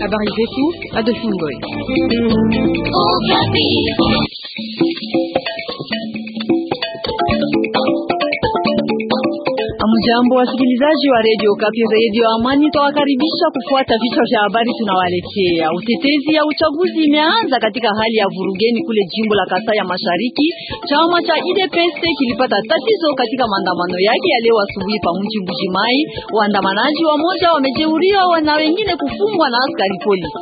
Habari zetu Adolphine Ngoy. Jambo wasikilizaji wa redio Kapi, redio Amani, twawakaribisha kufuata vichwa vya habari tunawaletea. Utetezi ya uchaguzi imeanza katika hali ya vurugeni kule jimbo la Kasai ya Mashariki. Chama cha UDPS kilipata tatizo katika maandamano yake ya leo asubuhi pa mji Mbujimai. Waandamanaji wamoja wamejeuriwa na wengine kufungwa na askari polisi.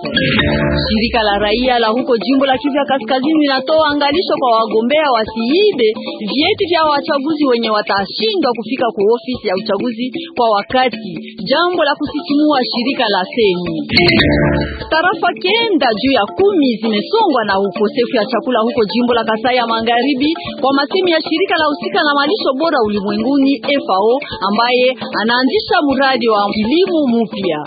Shirika la raia la huko jimbo la Kivu ya Kaskazini linatoa angalisho kwa wagombea wasiibe vyeti vya wachaguzi wenye watashindwa kufika kwa ofisi ya uchaguzi kwa wakati, jambo la kusisimua shirika la seni. Tarafa kenda juu ya kumi zimesongwa na ukosefu ya chakula huko jimbo la Kasai ya Magharibi, kwa masemi ya shirika la husika na malisho bora ulimwenguni FAO, ambaye anaanzisha mradi wa kilimo mpya.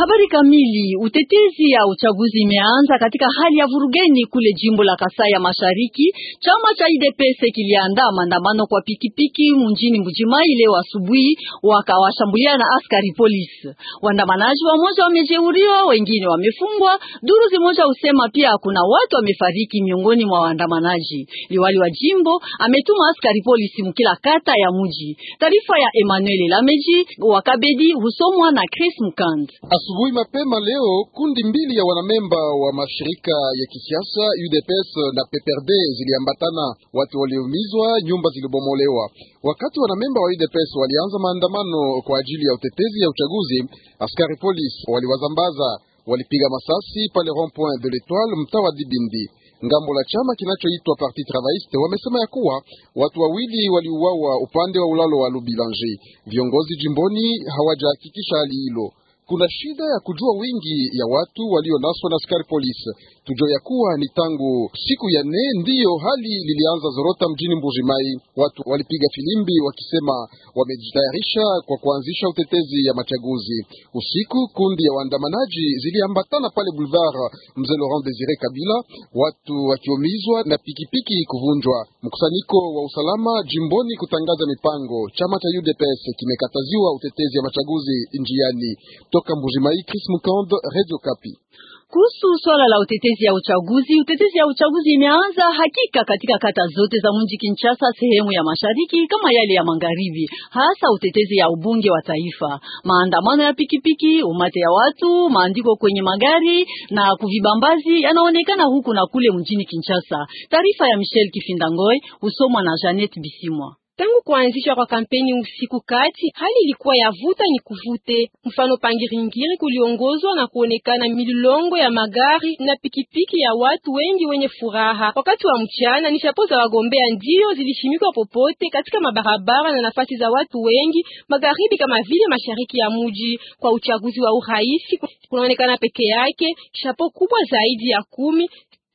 Habari kamili. Utetezi ya uchaguzi imeanza katika hali ya vurugeni kule jimbo la Kasai ya Mashariki. Chama cha UDPS kiliandaa maandamano kwa pikipiki mjini Mbujimai leo asubuhi, wakawashambulia na askari polisi. Waandamanaji wamoja wamejeuriwa, wengine wamefungwa. Duru zimoja husema pia kuna watu wamefariki miongoni mwa waandamanaji. Liwali wa jimbo ametuma askari polisi mkila kata ya mji. Taarifa ya Emmanuel Lameji wakabedi husomwa na Chris Mkand. Asubuhi mapema leo kundi mbili ya wanamemba wa mashirika ya kisiasa UDPS na PPRD ziliambatana, watu waliumizwa, nyumba zilibomolewa. Wakati wanamemba wa UDPS walianza maandamano kwa ajili ya utetezi ya uchaguzi, askari polisi waliwazambaza, walipiga masasi pale rond point de l'Etoile, mtaa wa Dibindi. Ngambo la chama kinachoitwa Parti Travailliste wamesema ya kuwa watu wawili waliuawa upande wa ulalo wa Lubilanger. Viongozi jimboni hawajahakikisha hali hilo kuna shida ya kujua wingi ya watu walionaswa na askari polisi. Tujua ya kuwa ni tangu siku ya nne ndiyo hali lilianza zorota mjini Mbujimai. Watu walipiga filimbi wakisema wamejitayarisha kwa kuanzisha utetezi ya machaguzi. Usiku kundi ya waandamanaji ziliambatana pale Boulevard Mzee Laurent Desire Kabila, watu wakiumizwa na pikipiki kuvunjwa. Mkusanyiko wa usalama jimboni kutangaza mipango. Chama cha UDPS kimekataziwa utetezi ya machaguzi njiani. Kutoka Mbujimai, Chris Mukand, Radio Kapi. Kuhusu swala la utetezi ya uchaguzi, utetezi ya uchaguzi imeanza hakika katika kata zote za mji Kinshasa, sehemu ya mashariki kama yale ya magharibi, hasa utetezi ya ubunge wa taifa. Maandamano ya pikipiki, umate ya watu, maandiko kwenye magari na kuvibambazi yanaonekana huku na kule mjini Kinshasa. Taarifa ya Michel Kifindangoi husomwa na Janet Bisimwa. Tangu kuanzishwa kwa kampeni usiku kati, hali ilikuwa ya vuta ni kuvute. Mfano, Pangiringiri kuliongozwa na kuonekana milongo ya magari na pikipiki ya watu wengi wenye furaha. Wakati wa mchana, ni shapo za wagombea ndiyo zilishimikwa popote katika mabarabara na nafasi za watu wengi magharibi kama vile mashariki ya muji. Kwa uchaguzi wa urais kunaonekana peke yake shapo kubwa zaidi ya kumi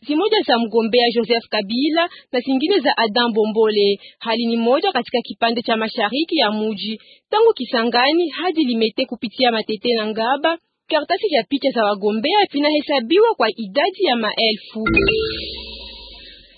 zimoja za mgombea Joseph Kabila na zingine za Adam Bombole. Hali ni moja katika kipande cha mashariki ya muji tangu Kisangani hadi Limete kupitia Matete na Ngaba. Karatasi ya picha za wagombea vinahesabiwa kwa idadi ya maelfu.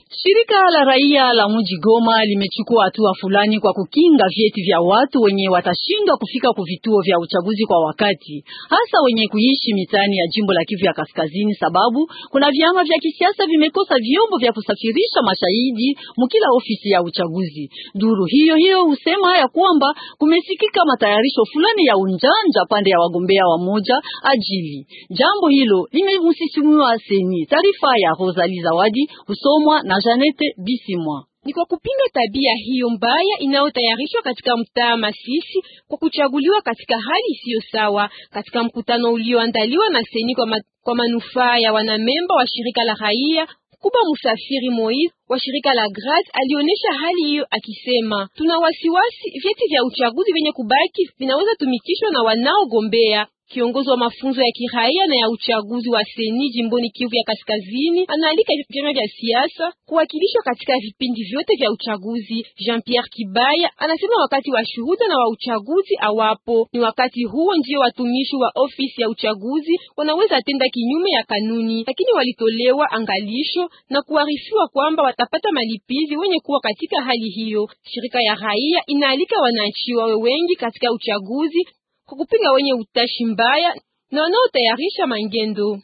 Shirika la raia la mji Goma limechukua hatua fulani kwa kukinga vyeti vya watu wenye watashindwa kufika kuvituo vituo vya uchaguzi kwa wakati, hasa wenye kuishi mitaani ya jimbo la Kivu ya Kaskazini, sababu kuna vyama vya kisiasa vimekosa vyombo vya kusafirisha mashahidi mkila ofisi ya uchaguzi. Duru hiyo hiyo husema ya kwamba kumesikika matayarisho fulani ya unjanja pande ya wagombea wa moja ajili jambo hilo limemsisimua seni. Taarifa ya Rosali Zawadi husomwa na Janete Bisimwa. Ni kwa kupinga tabia hiyo mbaya inayotayarishwa katika mtaa Masisi kwa kuchaguliwa katika hali isiyo sawa katika mkutano ulioandaliwa na Seni kwa, ma, kwa manufaa ya wanamemba wa shirika la raia Kuba Musafiri Moise wa shirika la Grace alionyesha hali hiyo akisema, tuna wasiwasi vyeti vya uchaguzi vyenye kubaki vinaweza tumikishwa na wanaogombea Kiongozi wa mafunzo ya kiraia na ya uchaguzi wa seni jimboni Kivu ya Kaskazini anaalika vyama vya siasa kuwakilishwa katika vipindi vyote vya uchaguzi. Jean-Pierre Kibaya anasema wakati wa shuhuda na wa uchaguzi awapo, ni wakati huo ndio watumishi wa ofisi ya uchaguzi wanaweza tenda kinyume ya kanuni, lakini walitolewa angalisho na kuarifiwa kwamba watapata malipizi wenye kuwa katika hali hiyo. Shirika ya raia inaalika wananchi wawe wengi katika uchaguzi kwa kupinga wenye utashi mbaya na wanaotayarisha mangendo.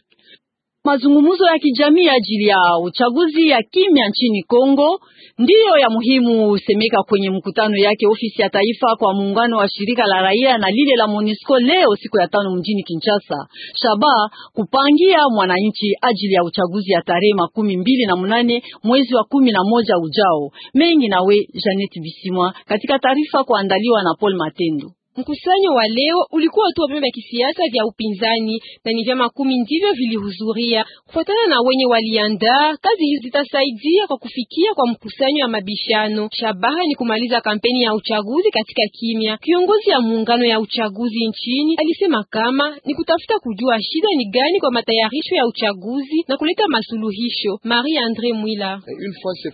Mazungumzo ya kijamii ajili ya uchaguzi ya kimya nchini Kongo ndiyo ya muhimu husemeka kwenye mkutano yake ofisi ya taifa kwa muungano wa shirika la raia na lile la monisco leo siku ya tano mjini Kinshasa. Shaba kupangia mwananchi ajili ya uchaguzi ya tarehe makumi mbili na munane mwezi wa kumi na moja ujao. Mengi nawe Janet Bisimwa katika taarifa kuandaliwa na Paul Matendo. Mkusanyo wa leo ulikuwa tu wa vyama vya kisiasa vya upinzani na ni vyama kumi ndivyo vilihudhuria. Kufuatana na wenye waliandaa, kazi hizi zitasaidia kwa kufikia kwa mkusanyo ya mabishano. Shabaha ni kumaliza kampeni ya uchaguzi katika kimya. Kiongozi ya muungano ya uchaguzi nchini alisema kama ni kutafuta kujua shida ni gani kwa matayarisho ya uchaguzi na kuleta masuluhisho. Marie Andre Mwila: eh,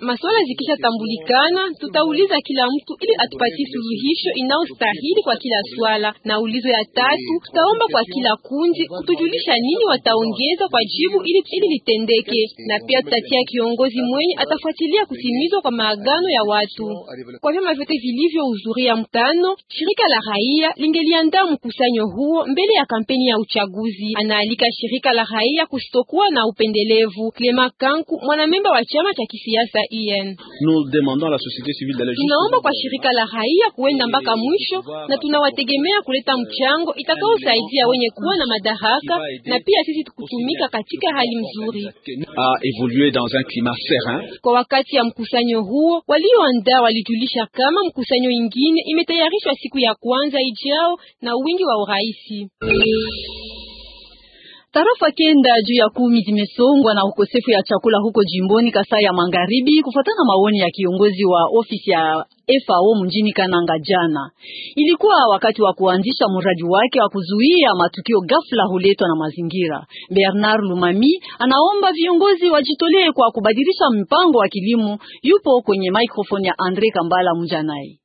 masuala zikishatambulikana, tutauliza kila mtu ili atupatie suluhisho inao tutawashauri kwa kila swala, na ulizo ya tatu tutaomba kwa kila kundi kutujulisha nini wataongeza kwa jibu ili, ili litendeke, na pia tutatia kiongozi mwenye atafuatilia kutimizwa kwa maagano ya watu. Kwa vyama vyote vilivyohudhuria mtano shirika la raia lingeliandaa mkusanyo huo mbele ya kampeni ya uchaguzi. Anaalika shirika la raia kusitokuwa na upendelevu. clema Kanku, mwanamemba wa chama cha kisiasa IN, e tunaomba kwa shirika la raia kuenda mpaka mwisho kesho, na tunawategemea kuleta mchango itakaosaidia wenye kuwa na madaraka na pia sisi kutumika katika hali mzuri kwa wakati ya mkusanyo huo. Walioandaa walijulisha kama mkusanyo ingine imetayarishwa siku ya kwanza ijao na wingi wa urahisi. Tarafa kenda juu ya kumi zimesongwa na ukosefu ya chakula huko jimboni Kasai ya Magharibi, kufuatana maoni ya kiongozi wa ofisi ya FAO mjini Kananga jana. Ilikuwa wakati wa kuanzisha mradi wake wa kuzuia matukio ghafla huletwa na mazingira. Bernard Lumami anaomba viongozi wajitolee kwa kubadilisha mpango wa kilimo. Yupo kwenye microphone ya Andre Kambala Mjanai.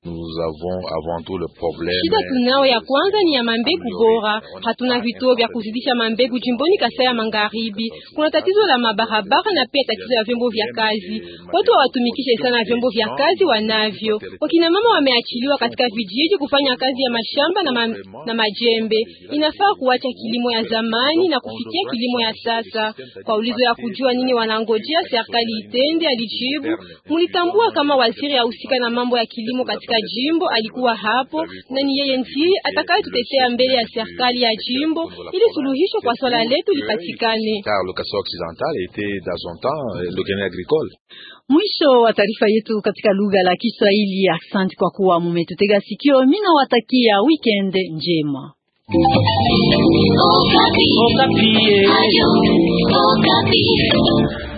Shida tunao ya kwanza ni ya mambegu bora. Hatuna vituo vya kuzidisha mambegu jimboni Kasai ya Magharibi. Kuna tatizo la mabarabara na pia tatizo ya vyombo vya kazi. Watu hawatumikishe sana vyombo vya kazi wanavyo Wakina mama wameachiliwa katika vijiji kufanya kazi ya mashamba na, ma, na majembe. Inafaa kuacha kilimo ya zamani na kufikia kilimo ya sasa. Kwa ulizo ya kujua nini wanangojea serikali itende, alijibu mulitambua kama waziri ahusika na mambo ya kilimo katika jimbo alikuwa hapo, na ni yeye ndiye atakayetutetea mbele ya serikali ya jimbo ili suluhisho kwa swala letu lipatikane. Euh, Mwisho wa taarifa yetu katika lugha la Kiswahili pia. Asante kwa kuwa mumetutega sikio. Mimi nawatakia weekend njema. Okapi. Okapi.